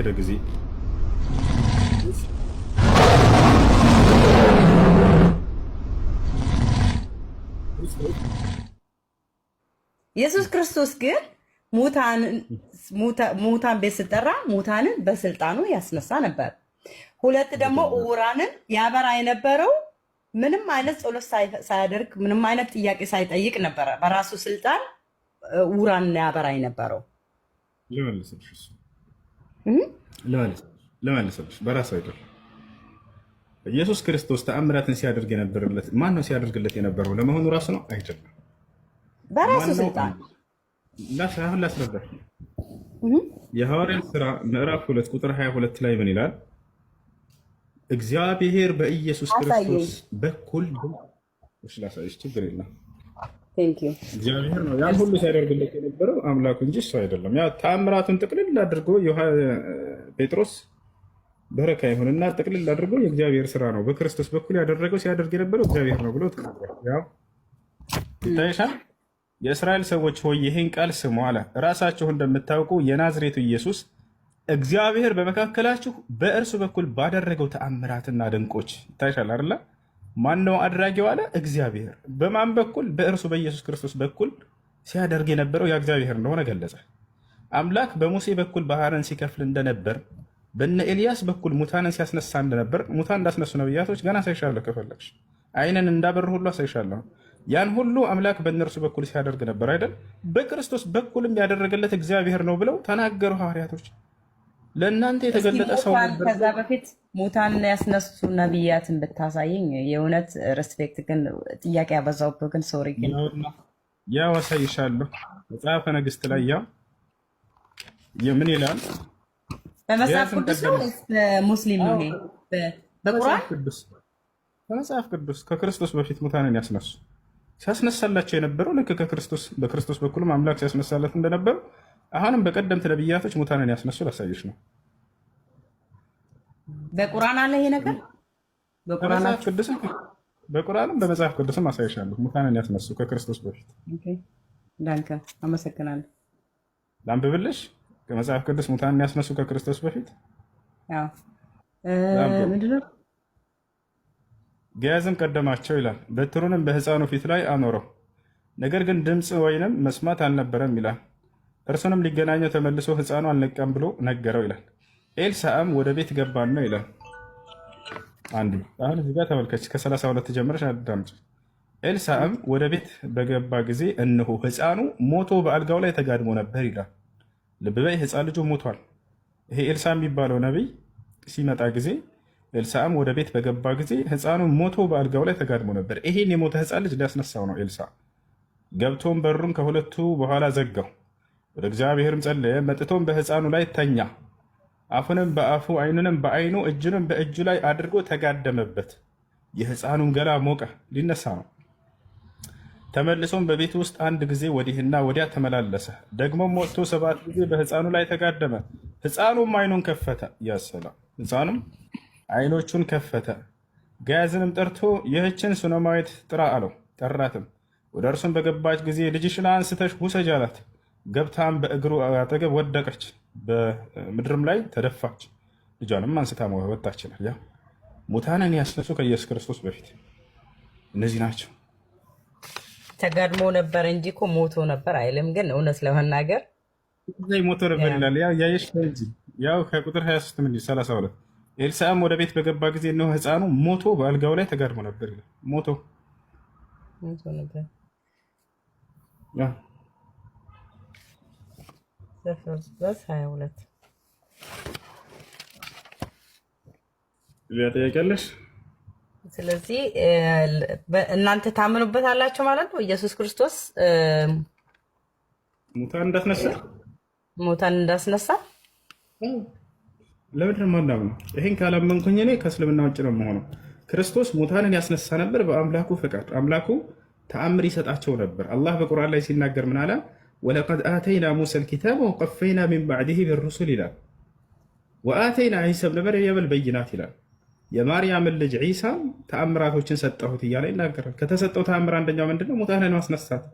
ሄደ ጊዜ ኢየሱስ ክርስቶስ ግን ሙታን ቤት ስጠራ ሙታንን በስልጣኑ ያስነሳ ነበር። ሁለት ደግሞ እውራንን ያበራ የነበረው ምንም አይነት ጸሎት ሳያደርግ ምንም አይነት ጥያቄ ሳይጠይቅ ነበረ። በራሱ ስልጣን እውራንን ያበራ የነበረው ለመለሰልሽ በራሱ አይደል። ኢየሱስ ክርስቶስ ተአምራትን ሲያደርግ የነበረለት ማን ነው? ሲያደርግለት የነበረው ለመሆኑ ራሱ ነው አይደለም? በራሱ ስልጣን አሁን ላስረዳሽ። የሐዋርያት ስራ ምዕራፍ ሁለት ቁጥር 22 ላይ ምን ይላል? እግዚአብሔር በኢየሱስ ክርስቶስ በኩል ላሳይሽ፣ ችግር የለም እግዚአብሔር ነው ያን ሁሉ ሲያደርግለት የነበረው አምላኩ እንጂ እሱ አይደለም። ያ ተአምራቱን ጥቅልል አድርጎ ጴጥሮስ በረካ ይሁንና ጥቅልል አድርጎ የእግዚአብሔር ስራ ነው በክርስቶስ በኩል ያደረገው ሲያደርግ የነበረው እግዚአብሔር ነው ብሎ ይታይሻል። የእስራኤል ሰዎች ሆይ ይህን ቃል ስሙ አለ። ራሳችሁ እንደምታውቁ የናዝሬቱ ኢየሱስ እግዚአብሔር በመካከላችሁ በእርሱ በኩል ባደረገው ተአምራትና ድንቆች ይታይሻል አይደል ነው አድራጊው አለ? እግዚአብሔር። በማን በኩል? በእርሱ በኢየሱስ ክርስቶስ በኩል ሲያደርግ የነበረው ያ እንደሆነ ገለጸ። አምላክ በሙሴ በኩል ባህርን ሲከፍል እንደነበር በነ ኤልያስ በኩል ሙታንን ሲያስነሳ እንደነበር ሙታን እንዳስነሱ ነብያቶች ገና አሳይሻለሁ፣ ከፈለግሽ አይንን እንዳበር ሁሉ አሳይሻለሁ። ያን ሁሉ አምላክ በእነርሱ በኩል ሲያደርግ ነበር አይደል? በክርስቶስ በኩልም ያደረገለት እግዚአብሔር ነው ብለው ተናገሩ ሐዋርያቶች። ለእናንተ የተገለጠ ሰው ነበር። ከዛ በፊት ሙታን ያስነሱ ነቢያትን ብታሳይኝ የእውነት ሬስፔክት። ግን ጥያቄ ያበዛውብህ ግን ሶሪ። ግን ያው አሳይሻለሁ። መጽሐፈ ነገሥት ላይ ያው የምን ይላል በመጽሐፍ ቅዱስ ነው ሙስሊም ነው? በቁርአን በመጽሐፍ ቅዱስ ከክርስቶስ በፊት ሙታንን ያስነሱ ሲያስነሳላቸው የነበረው ልክ ከክርስቶስ በክርስቶስ በኩልም አምላክ ሲያስነሳለት እንደነበረው አሁንም በቀደምት ነብያቶች ሙታንን ያስነሱል ላሳየች ነው። በቁርአን አለ ይሄ ነገር በቁርአን በቁርአንም በመጽሐፍ ቅዱስም አሳይሻለሁ። ሙታንን ያስነሱ ከክርስቶስ በፊት ዳንከ አመሰግናለሁ። ላንብብልሽ ከመጽሐፍ ቅዱስ ሙታንን ያስነሱ ከክርስቶስ በፊት ገያዝም ቀደማቸው ይላል። በትሩንም በህፃኑ ፊት ላይ አኖረው፣ ነገር ግን ድምፅ ወይንም መስማት አልነበረም ይላል እርሱንም ሊገናኘው ተመልሶ ህፃኑ አልነቃም ብሎ ነገረው ይላል። ኤልሳዕም ወደ ቤት ገባን ነው ይላል። አንዱ አሁን እዚህ ጋር ተመልከች፣ ከ32 ጀምረሽ አዳምጭ። ኤልሳዕም ወደ ቤት በገባ ጊዜ እነሆ ህፃኑ ሞቶ በአልጋው ላይ ተጋድሞ ነበር ይላል። ልብ በይ ልጁ ሞቷል። ይሄ ኤልሳ የሚባለው ነቢይ ሲመጣ ጊዜ ኤልሳዕም ወደ ቤት በገባ ጊዜ ህፃኑ ሞቶ በአልጋው ላይ ተጋድሞ ነበር። ይሄን የሞተ ህፃን ልጅ ሊያስነሳው ነው ኤልሳ ገብቶም በሩን ከሁለቱ በኋላ ዘጋው ወደ እግዚአብሔርም ጸለየ። መጥቶም በሕፃኑ ላይ ተኛ። አፉንም በአፉ ዓይኑንም በዓይኑ እጁንም በእጁ ላይ አድርጎ ተጋደመበት። የሕፃኑም ገላ ሞቀ፣ ሊነሳ ነው። ተመልሶም በቤት ውስጥ አንድ ጊዜ ወዲህና ወዲያ ተመላለሰ። ደግሞም ወጥቶ ሰባት ጊዜ በሕፃኑ ላይ ተጋደመ። ሕፃኑም ዓይኑን ከፈተ። ያሰላ ሕፃኑም ዓይኖቹን ከፈተ። ገያዝንም ጠርቶ ይህችን ሱነማዊት ጥራ አለው። ጠራትም። ወደ እርሱም በገባች ጊዜ ልጅሽን አንስተሽ ውሰጅ አላት። ገብታም በእግሩ አጠገብ ወደቀች፣ በምድርም ላይ ተደፋች። ልጇንም አንስታ ወጣች ሙታንን ያስነሱ ከኢየሱስ ክርስቶስ በፊት እነዚህ ናቸው። ተጋድሞ ነበር እንጂ እኮ ሞቶ ነበር አይልም። ግን እውነት ለመናገር ሞቶ ነበር ይላል። ያየሽ እንጂ ያው ከቁጥር 23 ምን 32 ኤልሳም ወደ ቤት በገባ ጊዜ እነሆ ሕፃኑ ሞቶ በአልጋው ላይ ተጋድሞ ነበር ይላል። ሞቶ ሞቶ ነበር በፍርዝበዝ ሀያ ሁለት ሌላ ጥያቄ አለሽ? ስለዚህ እናንተ ታምኑበት አላችሁ ማለት ነው። ኢየሱስ ክርስቶስ ሙታን እንዳስነሳ ሙታን እንዳስነሳ ለምንድን ነው ይሄን ካላመንኩኝ እኔ ከእስልምና ውጭ ነው የምሆነው። ክርስቶስ ሙታንን ያስነሳ ነበር በአምላኩ ፈቃድ። አምላኩ ተአምር ይሰጣቸው ነበር። አላህ በቁርአን ላይ ሲናገር ምን አለ? ወለቀድ አተይና ሙሳ ልኪታበ ወቀፈይና ሚን ባዕድህ ብሩሱል ይላል። ወአተይና ዒሳ ብነ መርየም የበል በይናት ይላል። የማርያምን ልጅ ዒሳ ተአምራቶችን ሰጠሁት እያለ ይናገራል። ከተሰጠው ተአምር አንደኛው ምንድነው? ሙታንን ማስነሳት።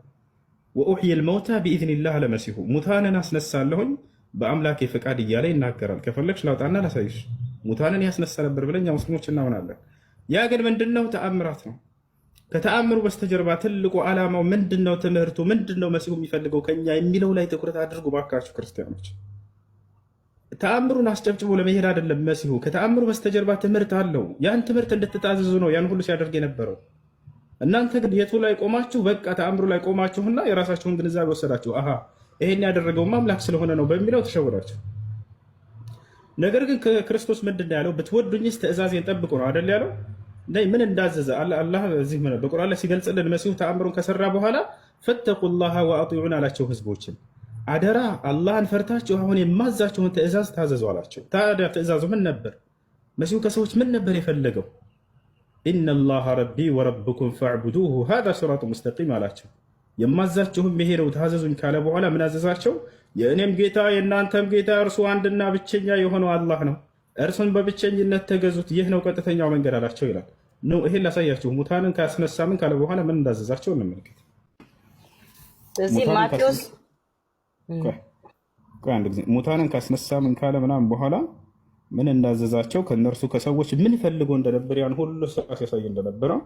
ወኡሕይ መውታ ብኢዝኒላህ አለመሲሁ ሙታንን አስነሳለሁኝ በአምላክ ፍቃድ እያለ ይናገራል። ከፈለግሽ ላውጣና ላሳይሽ ሙታንን ያስነሳ ነበር ብለን እኛ ሙስሊሞች እናምናለን። ያ ግን ምንድነው? ተአምራት ነው። ከተአምሩ በስተጀርባ ትልቁ ዓላማው ምንድነው ትምህርቱ ምንድነው መሲሁ የሚፈልገው ከኛ የሚለው ላይ ትኩረት አድርጉ ባካችሁ ክርስቲያኖች። ተአምሩን አስጨብጭቦ ለመሄድ አይደለም መሲሁ። ከተአምሩ በስተጀርባ ትምህርት አለው። ያን ትምህርት እንድትታዘዙ ነው ያን ሁሉ ሲያደርግ የነበረው። እናንተ ግን የቱ ላይ ቆማችሁ? በቃ ተአምሩ ላይ ቆማችሁና የራሳችሁን ግንዛቤ ወሰዳችሁ። አሃ ይሄን ያደረገው አምላክ ስለሆነ ነው በሚለው ተሸውራችሁ። ነገር ግን ክርስቶስ ምንድን ነው ያለው? ብትወዱኝስ ትእዛዜን ጠብቁ ነው አደል ያለው ላይ ምን እንዳዘዘ አላህ እዚህ በቁርአን ላይ ሲገልጽልን መሲሁ ተአምሩን ከሰራ በኋላ ፈተቁላህ ወአጢዑን አላቸው ህዝቦችን። አደራ አላህን ፈርታችሁ አሁን የማዛችሁን ትእዛዝ ታዘዙ አላቸው። ታዲያ ትእዛዙ ምን ነበር? መሲሁ ከሰዎች ምን ነበር የፈለገው? ኢነላሃ ረቢ ወረብኩም ፈዕቡዱሁ ሃዛ ሲራጡ ሙስተቂም አላቸው። የማዛችሁም ይሄ ነው ታዘዙኝ ካለ በኋላ ምን አዘዛቸው? የእኔም ጌታ የእናንተም ጌታ እርሱ አንድና ብቸኛ የሆነው አላህ ነው እርሱን በብቸኝነት ተገዙት፣ ይህ ነው ቀጥተኛው መንገድ አላቸው ይላል። ነው ይሄን ላሳያችሁ። ሙታንን ካስነሳምን ካለ በኋላ ምን እንዳዘዛቸው እንመልከት። አንድ ጊዜ ሙታንን ካስነሳምን ካለ ምናምን በኋላ ምን እንዳዘዛቸው ከእነርሱ ከሰዎች ምን ፈልጎ እንደነበር ያን ሁሉ ስራ ሲያሳይ እንደነበረው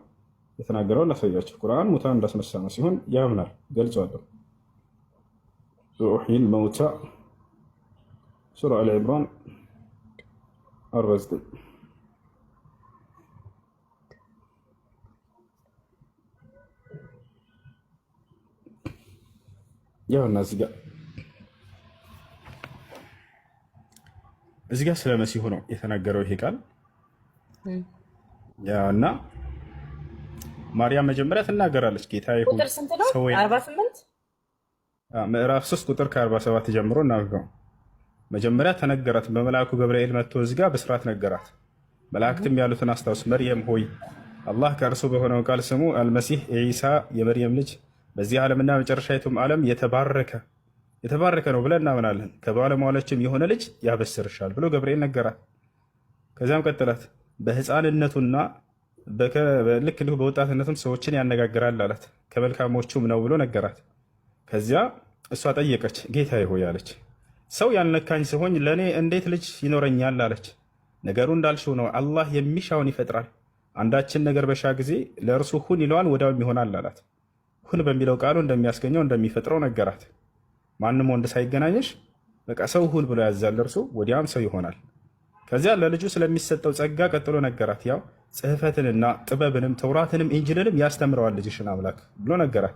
የተናገረው ላሳያቸው። ቁርአን ሙታን እንዳስነሳ ነው ሲሆን ያምናል ገልጿለሁ። ኡሕይል መውታ ሱራ አልዕምራን 49 ያውና እዚጋ እዚጋ ስለ መሲሁ ነው የተናገረው ይሄ ቃል እና ማርያም መጀመሪያ ትናገራለች። ጌታ ምዕራፍ 3 ቁጥር ከ47 ጀምሮ እናገው መጀመሪያ ተነገራት በመልአኩ ገብርኤል መጥቶ እዚጋ በስርዓት ነገራት። መላእክትም ያሉትን አስታውስ፣ መርየም ሆይ አላህ ከእርሱ በሆነው ቃል ስሙ አልመሲህ ዒሳ የመርየም ልጅ በዚህ ዓለምና መጨረሻዊቱም ዓለም የተባረከ የተባረከ ነው ብለን እናምናለን። ከባለሟሎችም የሆነ ልጅ ያበስርሻል ብሎ ገብርኤል ነገራት። ከዚያም ቀጥላት በህፃንነቱና ልክ እንዲሁ በወጣትነቱም ሰዎችን ያነጋግራል አላት። ከመልካሞቹም ነው ብሎ ነገራት። ከዚያ እሷ ጠየቀች፣ ጌታ ይሆ አለች ሰው ያልነካኝ ሲሆን ለእኔ እንዴት ልጅ ይኖረኛል አለች። ነገሩ እንዳልሽው ነው። አላህ የሚሻውን ይፈጥራል። አንዳችን ነገር በሻ ጊዜ ለእርሱ ሁን ይለዋል፣ ወዲያውም ይሆናል አላት። ሁን በሚለው ቃሉ እንደሚያስገኘው እንደሚፈጥረው ነገራት። ማንም ወንድ ሳይገናኘሽ በቃ ሰው ሁን ብሎ ያዛል እርሱ፣ ወዲያም ሰው ይሆናል። ከዚያ ለልጁ ስለሚሰጠው ጸጋ ቀጥሎ ነገራት። ያው ጽህፈትንና ጥበብንም ተውራትንም ኢንጅልንም ያስተምረዋል ልጅሽን አምላክ ብሎ ነገራት።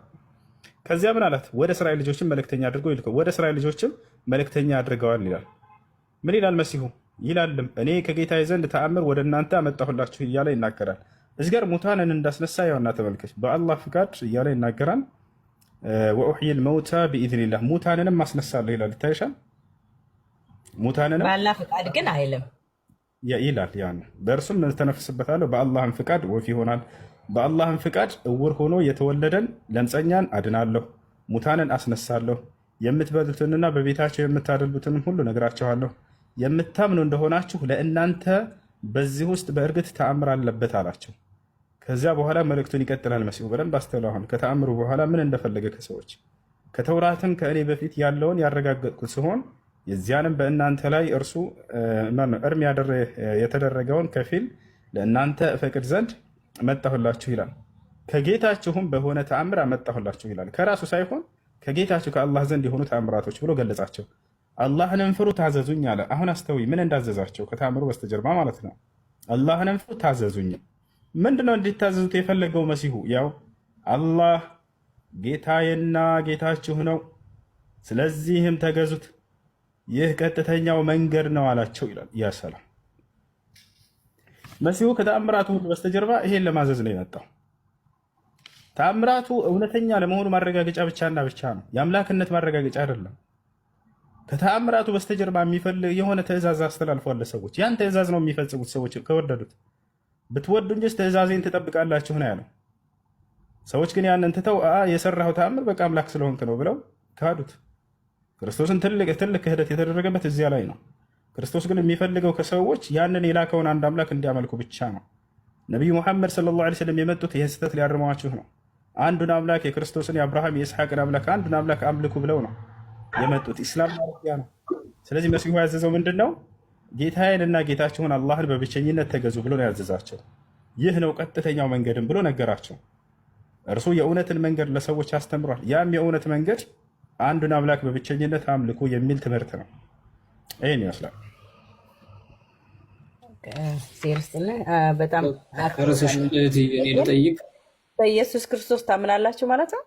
ከዚያ ምን አላት? ወደ እስራኤል ልጆችም መልእክተኛ አድርጎ ይልከው። ወደ እስራኤል ልጆችም መልእክተኛ አድርገዋል ይላል። ምን ይላል መሲሁ? ይላልም እኔ ከጌታ ዘንድ ተአምር ወደ እናንተ አመጣሁላችሁ እያለ ይናገራል። እዚጋር ሙታንን እንዳስነሳ ያውና ተመልከች፣ በአላህ ፍቃድ እያለ ይናገራል። ወኡሕይል መውታ ብኢዝኒላህ ሙታንንም አስነሳለሁ ይላል። ይታይሻል። ሙታንንም በአላህ ፍቃድ ግን አይልም ይላል። በእርሱም ተነፍስበታለሁ በአላህም ፍቃድ ወፍ ይሆናል በአላህን ፍቃድ እውር ሆኖ የተወለደን ለምፀኛን አድናለሁ፣ ሙታንን አስነሳለሁ፣ የምትበሉትንና በቤታቸው የምታደርጉትንም ሁሉ ነግራቸኋለሁ። የምታምኑ እንደሆናችሁ ለእናንተ በዚህ ውስጥ በእርግጥ ተአምር አለበት አላቸው። ከዚያ በኋላ መልእክቱን ይቀጥላል መሲሁ በደንብ አስተውሉ። አሁን ከተአምሩ በኋላ ምን እንደፈለገ ከሰዎች ከተውራትም ከእኔ በፊት ያለውን ያረጋገጥኩ ሲሆን የዚያንም በእናንተ ላይ እርሱ እርም የተደረገውን ከፊል ለእናንተ እፈቅድ ዘንድ መጣሁላችሁ ይላል። ከጌታችሁም በሆነ ተአምር አመጣሁላችሁ ይላል። ከራሱ ሳይሆን ከጌታችሁ ከአላህ ዘንድ የሆኑ ተአምራቶች ብሎ ገለጻቸው። አላህን እንፍሩ ታዘዙኝ አለ። አሁን አስተውይ ምን እንዳዘዛቸው ከተአምሩ በስተጀርባ ማለት ነው። አላህንም ፍሩ ታዘዙኝ። ምንድነው እንዲታዘዙት የፈለገው መሲሁ? ያው አላህ ጌታዬና ጌታችሁ ነው፣ ስለዚህም ተገዙት፣ ይህ ቀጥተኛው መንገድ ነው አላቸው ይላል። ያ ሰላም መሲሁ ከተአምራቱ ሁሉ በስተጀርባ ይሄን ለማዘዝ ነው የመጣው። ተአምራቱ እውነተኛ ለመሆኑ ማረጋገጫ ብቻና ብቻ ነው፣ የአምላክነት ማረጋገጫ አይደለም። ከተአምራቱ በስተጀርባ የሚፈልግ የሆነ ትእዛዝ አስተላልፏል ለሰዎች። ያን ትእዛዝ ነው የሚፈጽሙት ሰዎች ከወደዱት። ብትወዱ እንጂ ትእዛዜን ትጠብቃላችሁ ነው ያለው። ሰዎች ግን ያንን ትተው የሰራው ተአምር በቃ አምላክ ስለሆንክ ነው ብለው ካዱት። ክርስቶስን ትልቅ ክህደት የተደረገበት እዚያ ላይ ነው። ክርስቶስ ግን የሚፈልገው ከሰዎች ያንን የላከውን አንድ አምላክ እንዲያመልኩ ብቻ ነው። ነቢዩ መሐመድ ሰለላሁ ዐለይሂ ወሰለም የመጡት ይህን ስህተት ሊያርመዋችሁ ነው። አንዱን አምላክ የክርስቶስን፣ የአብርሃም፣ የእስሐቅን አምላክ አንዱን አምላክ አምልኩ ብለው ነው የመጡት። ኢስላም ማረፊያ ነው። ስለዚህ መሲሁ ያዘዘው ምንድን ነው? ጌታዬን እና ጌታችሁን አላህን በብቸኝነት ተገዙ ብሎ ነው ያዘዛቸው። ይህ ነው ቀጥተኛው መንገድም ብሎ ነገራቸው። እርሱ የእውነትን መንገድ ለሰዎች አስተምሯል። ያም የእውነት መንገድ አንዱን አምላክ በብቸኝነት አምልኩ የሚል ትምህርት ነው። ይህን ይመስላል። ሴርስና በጣም እኔ ልጠይቅ በኢየሱስ ክርስቶስ ታምናላችሁ ማለት ነው